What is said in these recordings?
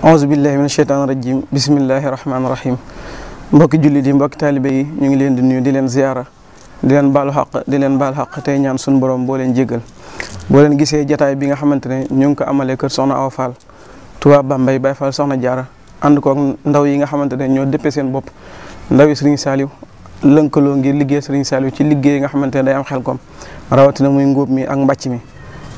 auzu billahi min sheytaan rajim bismillahi rahmaani rahim mbokki jullit yi mbokki taalibe yi ñu ngi leen di nuyu di leen ziyaara di leen baalu xaq di leen baal xaq tey ñaan suñu borom boo leen jégal boo leen gisee jataay bi nga xamante ñu ngi ko amalee kër soxna Awa Fall Touba Bambey Baye soxna jaara ànd kook ndaw yi nga xamante ne ñoo dëppee seen bopp ndawi Sëriñ Saaliw lënkaloo ngir liggéey Sëriñ Saaliw ci liggéey nga xamante day am xel kom rawatina muy ngóob mi ak mbàcc mi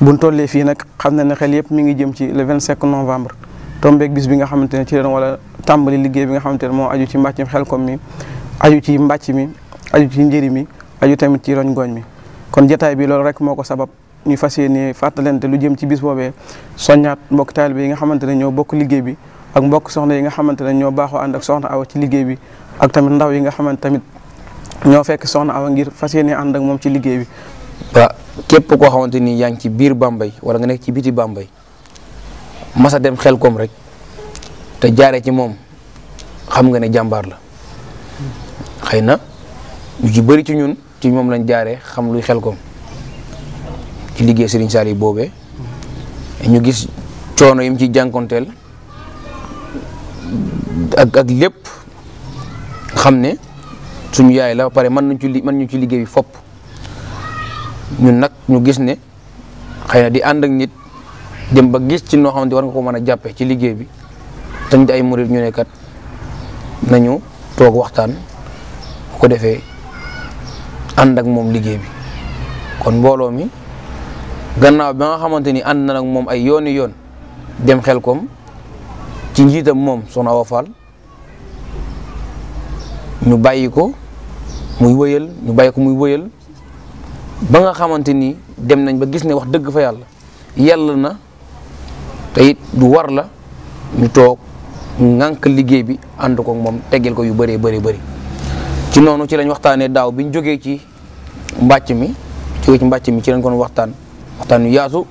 buñ tollee fii nag xam na ne xel yëpp mi ngi jëm ci le 25 novembre tombeeg bis bi nga xamante ne ci leen wala tàmbali liggéey bi nga xamante ne moo aju ci mbàccum Xelkom mi aju ci mbàcc mi aju ci njëri mi aju tamit ci roñ gooñ mi kon jataay bi loolu rek moo ko sabab ñu fas yéene fàttalante lu jëm ci bis boobee soññaat mbokk taalibe yi nga xamante ne ñoo bokk liggéey bi ak mbokk soxna yi nga xamante ne ñoo baaxoo ànd ak soxna awa ci liggéey bi ak tamit ndaw yi nga xamante tamit ñoo fekk soxna awa ngir fas yéene ànd ak moom ci liggéey bi. waaw ah, képp koo xamante ni yaa ngi ci biir bambay wala nga nekk ci biti Bambey masa dem xel koom rek te jaare ci moom xam nga ne jàmbaar la xëy na ñu ci bëri ci ñun ci moom lañ jaaree xam luy xel koom ci liggéey si Serigne Saliou boobee ñu gis coono yim ci ciy jànkonteel ak ak lépp xam ne suñu yaay la pare mën nañ ci li mën ñu ci liggéey bi fopp ñun nag ñu gis ne xëy na di ànd ak nit dem ba gis ci no xamante war nga ko mën jappé ci liggéey bi tamit ay murid ñu nekkat nañu tok waxtaan ko défé and ak mom liggéey bi kon mbolo mi gannaaw bi nga xamanteni ni na mom ay yooni yoon dem xel kom ci njitam mom soxna wafal ñu bayiko ko muy weyel ñu bayiko muy weyel ba nga xamanteni dem nañ ba gis ne wax deug fa yalla yalla na te it du war la ñu toog ŋànk liggéey bi ànd ko moom teggil ko yu bëree bëri bëri ci noonu ci lañ waxtaanee daaw bi ñu jógee ci mbàcc mi ci mbàcc mi ci lañ kon waxtaan waxtaan yu yaatu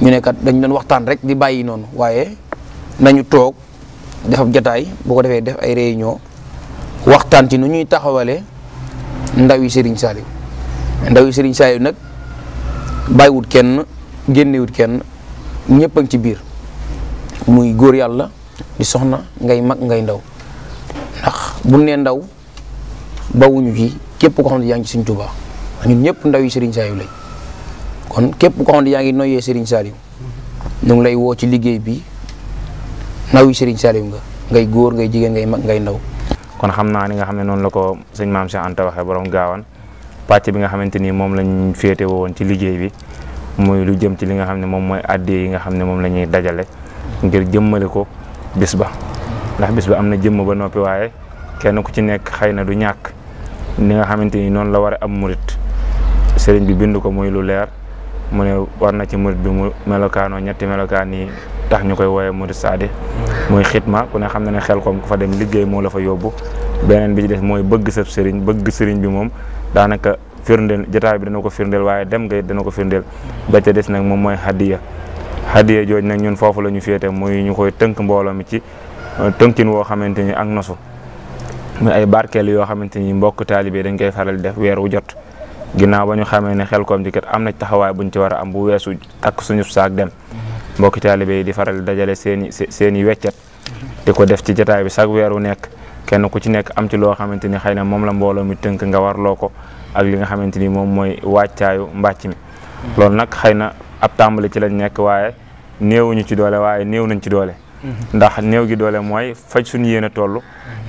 ñu ne dañ doon waxtaan rek di bàyyi noonu waaye nañu toog def jataay bu ko defee def ay réunion waxtaan ci nu ñuy taxawalee ndaw yi Serigne Saliou ndaw yi Serigne Saliou nag bàyyiwut kenn génnewut kenn. ñëpp a ci biir muy góor yàlla di soxna ngay mag ngay ndaw ndax bu nee ndaw bawuñu ci képp ko xam ne yaa ngi ci Sëriñ ñu ñun ñëpp ndaw yi Sëriñ Saaliw lañ kon képp ko xam yaa ngi noyyee Sëriñ Saaliw ñu ngi lay woo ci liggéey bi ndaw yi Sëriñ Saaliw nga ngay góor ngay jigéen ngay mag ngay ndaw. kon xam naa ni nga xam ne noonu la ko sëñ maam Cheikh Anta waxee borom gaawan pàcc bi nga xamante ni moom lañu féete woon ci liggéey bi. muy lu jëm ci li nga xam ne moom mooy addee yi nga xam ne moom la ñuy dajale ngir jëmmale ko bis ba ndax bis ba am na jëmm ba noppi waaye kenn ku ci nekk xëy na du ñàkk ni nga xamante ni noonu la war a am murit sëriñ bi bind ko muy lu leer mu ne war na ci murit bi mu melokaanoo ñetti melokaan yi tax ñu koy wooyee murit saadi muy ma ku ne xam na ne xel koom ku fa dem liggéey moo la fa yóbbu beneen bi ci des mooy bëgg sab sëriñ bëgg sëriñ bi moom daanaka firndeel jataay bi dana ko firndeel waaye dem nga ko firndeel ba ca des nag moom mooy hadiya hadiya jooj nag ñun foofu lañu ñu féete muy ñu koy tënk mbooloo mi ci euh, tënkin woo xamante ni ak nosu muy ay barkeel yoo xamante ni mbokk taalibe dañ koy faral def weer jot ginnaaw ba ñu xamee ne Xelcom ji kat am na taxawaay buñ ci war a am bu weesu takk suñu saak dem mbokk taalibe yi di faral dajale seen i seen di ko def ci jotaay bi sag weer wu nekk kenn ku ci nekk am ci loo xamante ni xëy na moom la mbooloo mi tënk nga war loo ko ak li nga xamante ni moom mooy wàccaayu mbàcc mi loolu nag xëy na ab tàmbali ci lañ nekk waaye néewuñu ci doole waaye néew nañ ci doole mhm. ndax néew gi doole mooy faj suñu yéene toll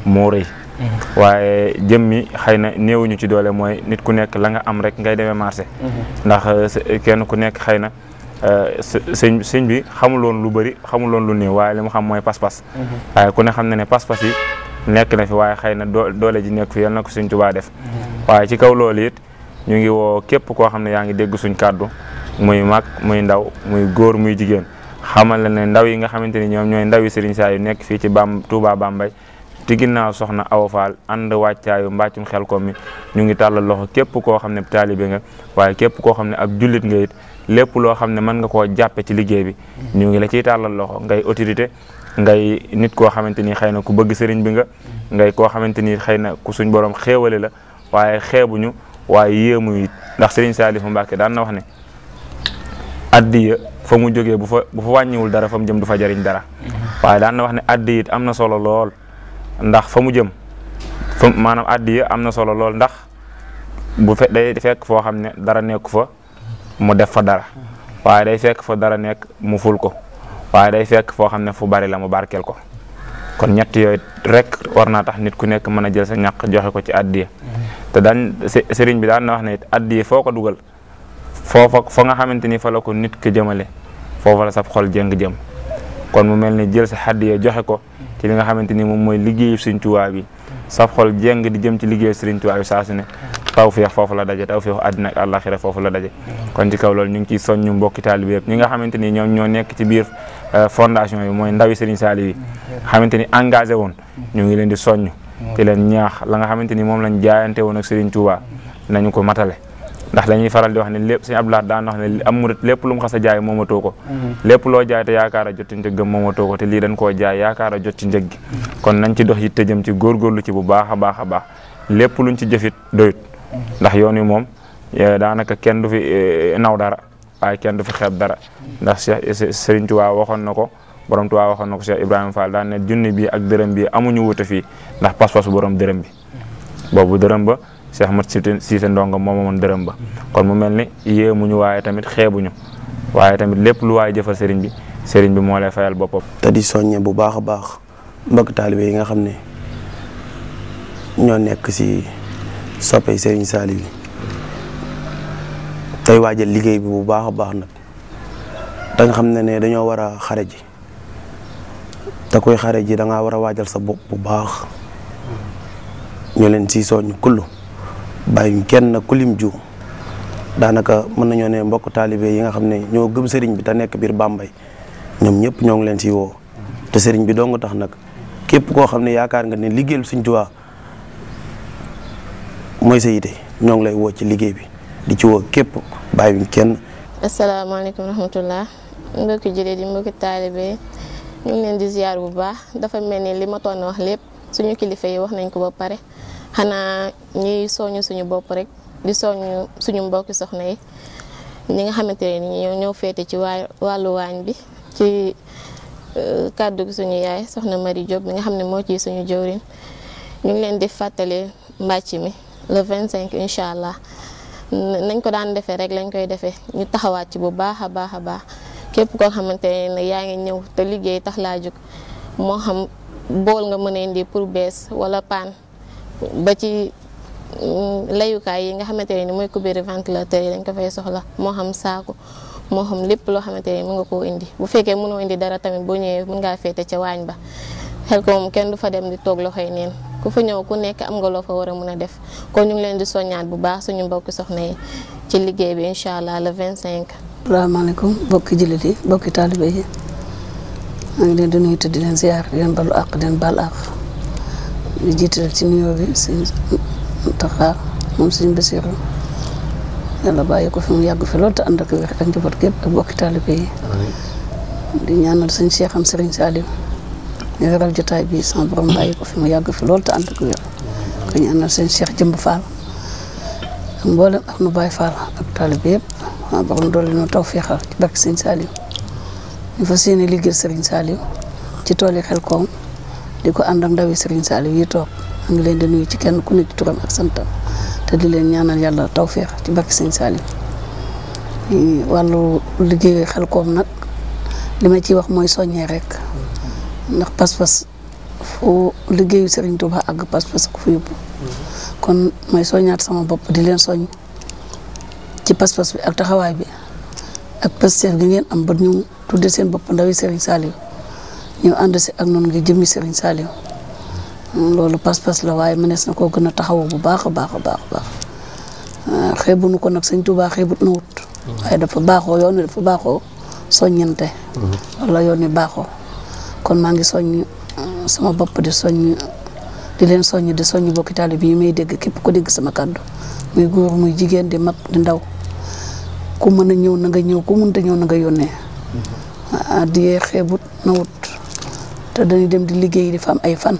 moo rëy mhm. waaye jëmmi xëy na néewuñu ci doole mooy nit ku nekk la nga am rek ngay demee marché mhm. ndax euh, kenn ku nekk xëy na euh, sëñ sëñ bi xamuloon lu bëri loon lu néew waaye li mu xam mooy pas-pas waaye ku ne xam ne pas-pas yi nekk na fi waaye xëy na doole ji nekk fi yal na suñ tubaa def waaye ci kaw loolu it ñu ngi woo képp koo xam ne yaa ngi dégg suñ kàddu muy mag muy ndaw muy góor muy jigéen xamal la ne ndaw yi nga xamante ni ñoom ñooy ndaw yi Serigne Saliou yu nekk fii ci bam Touba Bambey ci ginnaaw soxna Awa Fall ànd wàccaayu mbàccum xel ko mi ñu ngi tàllal loxo képp koo xam ne taalibe nga waaye képp koo xam ne ab jullit nga it lépp loo xam ne mën nga koo jàppe ci liggéey bi ñu ngi la ciy tàllal loxo ngay autorité ngay nit koo xamante ni xëy na ku bëgg sëriñ bi nga ngay koo xamante ni xëy na ku suñ boroom xéewale la waaye xeebuñu waaye yéemu it ndax sëriñ Saalifu Mbàkke daan na wax ne addiya fa mu jógee bu fa bu dara fa mu jëm du jariñ dara waaye daan na wax ne addiya it am na solo lool ndax fa mu jëm fa maanaam addiya am na solo lool ndax bu fe day fekk foo xam ne dara nekku fa mu def fa dara waaye day fekk fa dara nekk mu ful ko waye day fekk fo xamne fu bari la mu barkel ko kon ñett yoy rek warna tax nit ku nekk mëna jël sa ñak joxe ko ci addiya te dañ sëriñ bi daan wax ne it addiya ko dugal fo fo nga xamanteni fa la ko nit ke jëmele foofa la sa xol jeng jëm kon mu melni jël sa addiya joxe ko ci li nga xamanteni mom moy mooy Sëriñ bi sa xol jeng di jëm ci liggéeyu Sëriñ Tuubaa bi sa su ne tawféex foofu la daje tawféexu àddina ak àllaaxira foofu la daje kon ci kaw loolu ñu ngi ciy soññu mbokki taalibe yëpp ñi nga xamante ni ñoom ñoo nekk ci biir euh, fondation yi mooy ndawi Serigne Saliou yi xamante ni engagé woon ñu ngi leen di soññ ti leen ñaax la nga xamante ni moom lañ jaayante woon ak Serigne Touba nañu ko matale ndax dañuy faral di wax ne lépp Serigne Abdoulaye daan wax ne am murit lépp lu mu xas a jaay moomatoo ko lépp loo jaay te yaakaar a jot ci njëggam moomatoo ko te lii dañ koo jaay yaakaar a jot ci gi kon nañ ci dox yitte jëm ci góorgóorlu ci bu baax a baax a baax lépp luñ ci jëfit doyut ndax yoon wi moom eh, daanaka kenn du fi eh, naw dara waaye kenn du fi xeeb dara ndax Cheikh tu eh, Touba waxoon na ko borom Touba waxoon na ko Cheikh Ibrahima Fall daan ne junni bi ak dërëm bi amuñu wuute fi ndax pas-pas borom dërëm bi boobu dërëm ba Cheikh Mat si Ndongo moom amoon dërëm ba kon mu mel ni yéemuñu waaye tamit xeebuñu waaye tamit lépp lu waaye jëfal sëriñ bi sëriñ bi moo lay fayal boppam. te di soññe bu baax a baax mbokk taalibe yi nga xam ne ñoo nekk si. soppee Serigne Saliou tey waajal liggéey bi bu baax a baax nag danga xam ne ne dañoo war a xare ji te koy xare ji da ngaa war a waajal sa bopp bu baax ñu leen si soññ kullu bàyyiñ kenn kulim ju daanaka mën nañoo ne mbokk taalibee yi nga xam ne ñoo gëm sëriñ bi ta nekk biir Bambey ñoom ñëpp ñoo ngi leen si woo te sëriñ bi dong tax nag képp koo xam ne yaakaar nga ne liggéeyal suñ Tuubaa mooy sa yite ñoo lay woo ci liggéey bi di ci woo képp bàyyi wuñ kenn. asalaamaaleykum rahmatullah mbokki jëlee di mbokki taalibe ñu ngi leen di ziar bu baax dafa mel ni li motoon wax lépp suñu kilifa yi wax nañ ko ba pare xanaa ñuy soñu suñu bopp rek di soñu suñu mbokki soxna yi ñi nga xamante ne ñoo ñëw féete ci waa wàllu waañ bi ci euh, kàddu gi suñu yaay soxna Marie Diop mi nga xam ne moo ciy suñu jëwriñ ñu ngi leen di fàttali mbàcc mi. le 25 incha allah nañ ko daan defee rek lañ koy defee ñu taxawaat ci bu baax a baax a baax képp koo xamante ne yaa ngi ñëw te liggéey tax laa jóg moo xam bool nga mën a indi pour bees wala paan ba ci mm, layukaay yi nga xamante ne ni mooy kubéeri ventilateur yi lañ ko fay soxla moo xam saaku moo xam lépp loo xamante ne mu nga koo indi bu fekkee mënoo indi dara tamit boo ñëwee mën ngaa féete ca waañ ba xel ko moom kenn du fa dem di toog loxoy neen ku fa ñëw ku nekk am nga loo fa war a mën a def kon ñu ngi leen di soññaat bu baax suñu mbokki soxna yi ci liggéey bi incha allah le 25. asalaamaaleykum mbokki jullit yi mbokki taalibe yi maa ngi leen di nuyu te di leen ziar di leen àq di leen baal àq di moom sëñ Basiru yàlla bàyyi ko fi mu yàgg fi loolu te ànd ak wér ak njaboot gépp ak mbokki taalibe di ñaanal sëñ Cheikh am Sëriñ Salim. ñu waral jotaay bi sama borom bàyyi ko fi mu yàgg fi lool te ànd ak wér ko ñu àndal seen Cheikh Jëmb Fall ak ak nu Baye Fall ak taalibe yëpp sama borom doole ñu taw féexal ci barke Sëñ Saliou ñu fas yéene liggéey Serigne ci tool yi xel koom di ko ànd ak ndawi Serigne Saliou toog ñu ngi leen di nuyu ci kenn ku nekk ci turam ak santam te di leen ñaanal yàlla taw féex ci barke Sëñ Saliou wàllu liggéey xel koom nag li ma ciy wax mooy soññee rek. ndax pas-pas foo liggéeyu Serigne Touba àgg pas-pas ko fa yóbbu kon may soññaat sama bopp di leen soññ ci pas-pas bi ak taxawaay bi ak pësteef gi ngeen am ba ñu tudde seen bopp ndawi Serigne Saliou ñu ànd si ak noonu ngi jëmmi Serigne Saliou loolu pas-pas la waaye mënees na koo gën a taxawoo bu baax a baax a baax baax ah, xeebuñu ko nag sëñ Touba xeebut na wut mm-hmm. waaye dafa baaxoo yoon wi dafa baaxoo soññante mm-hmm. wala yoon wi baaxoo kon maa ngi soññ euh, sama bopp di soññ di leen soññ di soññ bokki taalibe yi may dégg képp ko dégg sama kàddu muy góor muy jigéen di mag di ndaw ku mën a ñëw na nga ñëw ku mënta ñëw na nga yónnee mm-hmm. addiyee ah, xeebut nawut te dañuy dem di liggéey di am ay fan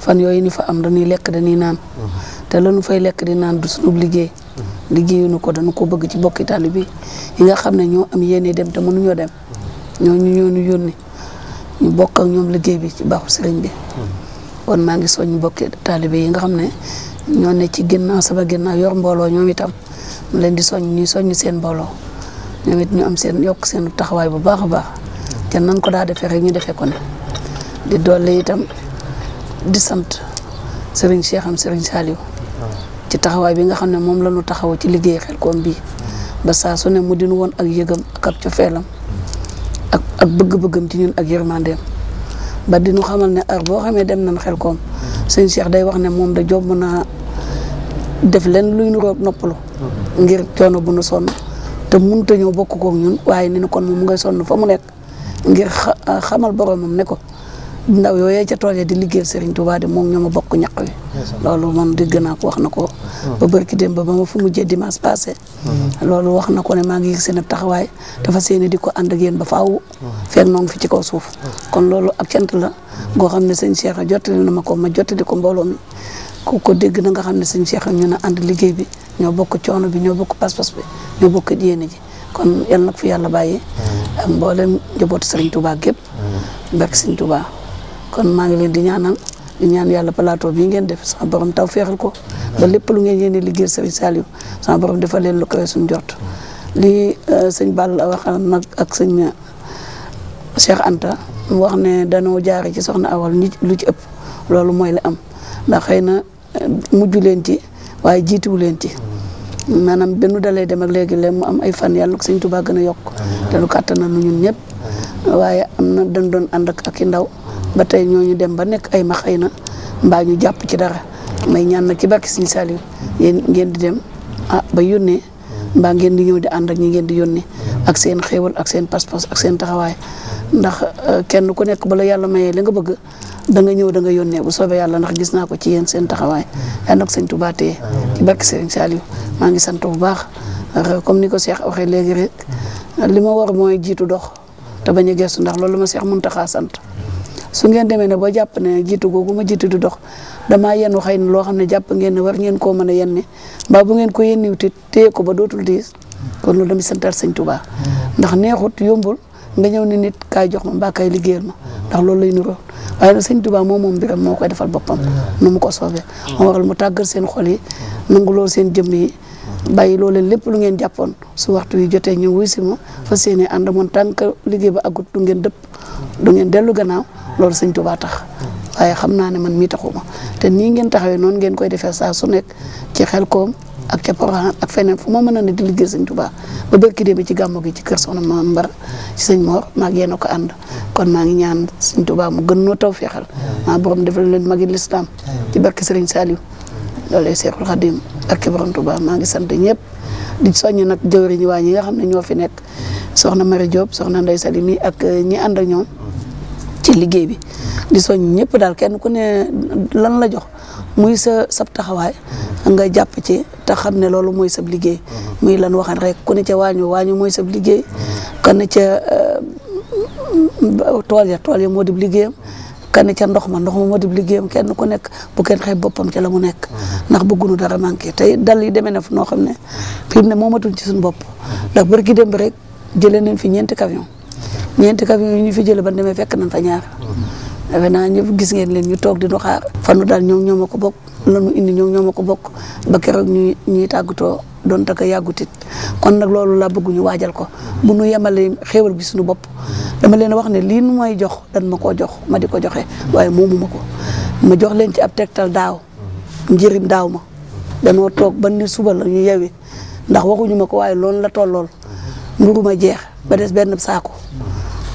fan yooyu ni fa am dañuy lekk dañuy naan mm-hmm. te lañu fay lekk di naan du sunub liggéey mm-hmm. liggéeyuñu ko dañu ko bëgg ci bokki taalibe yi nga xam ne ñoo am yéene dem te mënuñoo dem ñoo ñu ñoo ñu yónni ñu bokk ak ñoom liggéey bi ci baaxu sëriñ bi. kon maa ngi soññ bokki taalibe yi nga xam ne ñoo ne ci ginnaaw sama ginnaaw yor mbooloo ñoom itam leen di soñ ñuy soññ seen mbooloo ñoom it ñu am seen yokk seen taxawaay bu baax a baax. te nan ko daa defee rek ñu defee ko ne di doole itam di sant sëriñ Cheikh sëriñ Saliou. ci taxawaay bi nga xam ne moom la ñu taxaw ci liggéey xel koom bi ba saa su ne mu dina woon ak yëgam ak cofeelam ak bëgg-bëggam ci ñun ak yërmandeem ba di ñu xamal ne heure boo xamee dem nañ xel koom sëñ Cheikh day wax ne moom da job mën a def leen luy nu roog noppalu ngir coono bu nu sonn te mënut a ñëw bokk kook ñun waaye ni nu kon moom mu ngay sonn fa mu nekk ngir xamal boromam ne ko ndaw yooyee ca tool ya di liggéeyal Serigne Touba de mom ñoma bokku ñak wi lolu moom di gëna ko wax nako mm-hmm. ba barki dem ba bama fu mu jé dimanche passé mm-hmm. lolu wax nako ko ne maa ngi yëg seen taxaway dafa seeni di ko ànd ak yeen ba faaw mm-hmm. fek noo ngi fi ci kaw suuf kon lolu ak cant la go xam ne sëñ Cheikh na ma ko ma jottali ko mbooloo mi ku ko dégg na nga xam ne sëñ Cheikh ñu ne ànd liggéey bi ño bokku coono bi ño bokku pas pass bi ño bokku ji kon yalla nak fi yalla bàyyi mboolem jobot Serigne Touba gep barki Serigne Touba kon ma ngi leen di ñaanal di ñaan yalla plateau bi ngeen def sama borom taw feexal ko ba lepp lu ngeen yene liggéey Serigne Saliou sama borom defal leen lu koy suñu jott li euh, serigne ball wax nak ak serigne euh, Cheikh Anta wax ne dañu jaare ci soxna awal ñi lu ci ëpp lolu moy la am da xeyna muju euh, mujj leen ci waye jitu leen ci manam benu dalay dem ak legui léegi mu am ay fan yalla ko sëñ Tuubaa yok a te lu katana ñun ñëpp waye amna dañ doon ànd ak ndaw ba tey ñooñu dem ba nekk ay ma xëy na mbaa ñu jàpp ci dara may ñaan nag ki barke Sëriñ Saliou yéen ngeen di dem ah ba yónnee mbaa ngeen di ñëw di ànd ak ñi ngeen di yónnee ak seen xéewal ak seen pas ak seen taxawaay ndax euh, kenn ku nekk bala yàlla mayee li nga bëgg danga ñëw da nga yónnee bu soobee yàlla ndax gis naa ko ci yéen seen taxawaay yal na ko sëñ Tuubaa teye ci barke Sëriñ Saliou maa ngi sant bu baax euh, comme ni ko Cheikh waxee léegi rek li ma war mooy jiitu dox te bañ a gestu ndax loolu ma Cheikh Mountakha sant su ngeen demee ne ba jàpp ne jiitu googu ma jiitu du dox damaa yenn xëy na loo xam ne jàpp ngeen ne war ngeen koo mën a yenne mbaa bu ngeen ko yenniwti téye ko ba dootul diis kon loolu dama santaat sëñ Tuubaa ndax neexut yombul nga ñëw ne nit kaay jox ma mbaa kaay liggéeyal ma ndax loolu lay nuroo waaye nag sëñ Tuubaa moom moom mbiram moo koy defal boppam nu mu ko soobee moo waral mu tàggal seen xol yi nangu loolu seen jëmm yi bàyyi loo leen lépp lu ngeen jàppoon su waxtu yi jotee ñu wuy si ma fas yéene ànd moon tànk liggéey ba agut du ngeen dëpp du ngeen dellu gannaaw loolu seigne touba tax waye xamna ne man mi taxuma te ni ngeen taxawé non ngeen koy defee sa su nek ci xel koom ak ci Porokhane ak fenen fu moo ne di ligue seigne touba ba barki démb ci gamu gi ci kër sonu ma Mbar ci seigne Mor ma kon ma ngi ñaan seigne touba mu gën no tawfiixal ma borom defal leen magi l'islam ci barki saliw lolé cheikhul khadim ak ci borom touba ma ngi sante ñëpp di soññ nak jëwriñ waa ñi nga xamne ñoo fi nek soxna Mari job soxna Ndey salimi ak eh, ñi and ak ñoom ci liggéey bi di soñ ñëpp daal kenn ku ne lan la jox muy sa sab taxawaay nga jàpp ci te xam ne loolu mooy sab liggéey muy lan waxan rek ku ne ca waañu waañu mooy sab liggéey kan ne ca euh, tool ya tool ya moo di liggéeyam kan ca ndox ma ndox ma moo di liggéeyam kenn ku nekk bu kenn xeeb boppam ca la mu nekk ndax bëggunu dara manqué tey dal yi demee na fa noo xam ne fi ne moomatuñ ci suñu bopp ndax bërki démb rek jëlee nañ fi ñeenti camion ñeenti camion yi ñu fi jëlee ban demee fekk nañ fa ñaar defe naa ñëpp gis ngeen leen ñu toog di nu xaar fanu daal ñoom ñoo ma ko bokk lanu indi ñoom ñoo ma ko bokk ba keroog ñuy ñuy tàggatoo doon taka yàggutit kon nag loolu laa bëgg ñu waajal ko bu nu yemale xéewal bi suñu bopp dama leen wax ne lii nu may jox dan ma koo jox ma di ko joxe waaye moomu ma ko ma jox leen ci ab tegtal daaw njëriñ daaw ma danoo toog ba ni suba la ñu yewi ndax waxuñu ma ko waaye loolu la tollool mburu jeex ba des benn saako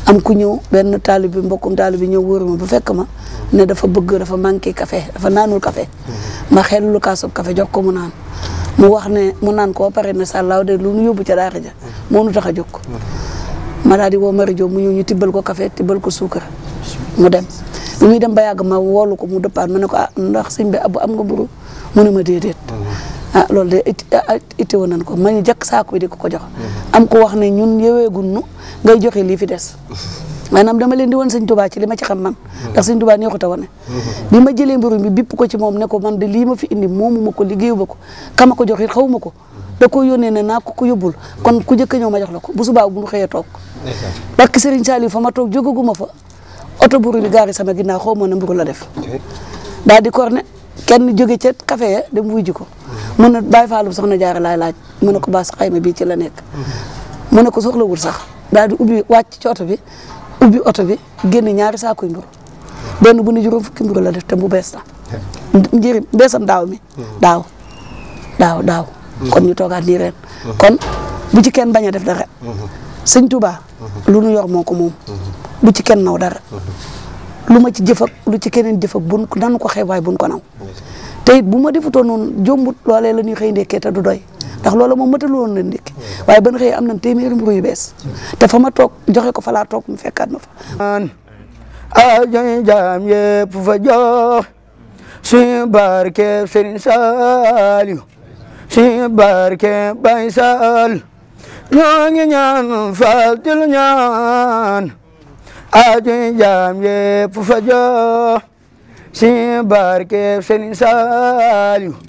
am ku ñëw benn taali bi mbokkum taali bi ñëw wóor ma fekk ma ne dafa bëgg dafa manqué kafe dafa naanul kafe ma xelul kaasub kafe jox ko mu naan mu wax ne mu naan ko pare ne sàllaaw de lu nu yóbbu ca daara ja moo nu tax a jóg ma daal di woo Mari Jóob mu ñëw ñu tibbal ko kafe tibbal ko suukar mu dem bi muy dem ba yàgg ma woolu ko mu dëppaat ma ne ko ah ndax sëñ bi abu am nga mburu mu ne ma déedéet ah loolu de it ah, itteewoon ko ma ñu jëkk saako bi di ko ko jox. am ko wax ne ñun yeweegun nu ngay joxe lii fi des. maanaam dama leen di woon sëñ Tuubaa ci li ma ci xam man ndax sëñ Tuubaa neexut a wane bi ma jëlee mbirum bi bipp ko ci moom ne ko man de lii ma fi indi moomu ma ko liggéeyu ba ko kama ko jox xaw ma ko da ko yónnee ne naa ko ko yóbbul kon ku jëkk ñëw ma jox la ko bu subaa bu ñu xëyee toog barki Sëriñ Saliou fa ma toog jógaguma fa oto buru bi gaari sama ginnaaw xaw ma ne mburu la def daal di kor ne kenn jóge ca café ya dem wuy ko mën na bàyyi faalu na jaara laay laaj mën na ko baas xayma bii ci la nekk mën na ko soxlawul sax daal di ubbi wàcc ci oto bi ubbi oto bi génn ñaari saakuy mburu benn bu ne juróom fukki mburu la def te bu bees la njëriñ beesam ndaaw mi daaw daaw daaw kon ñu toogaat nii ren kon bu ci kenn bañ a def dara sëñ Touba lu nu yor moo ko bu ci kenn naw dara lu ma ci jëf lu ci keneen jëf ak bun nan ko xeeb waaye bun ko naw tay bu ma defutoon noonu jombut lolé lañuy xey xëy ndekkee du doy ndax lolé mo matalu won na ndekki waye ban xey amna témir téeméeri yu bees te fa ma toog ko fala tok mu fekkat ma fa ajoy jaam yépp fa jox si barke Serigne sal si barké bay sal ñoo ñaan fal di lu ñaan jam ye yépp fa jox si barke Serigne Saliou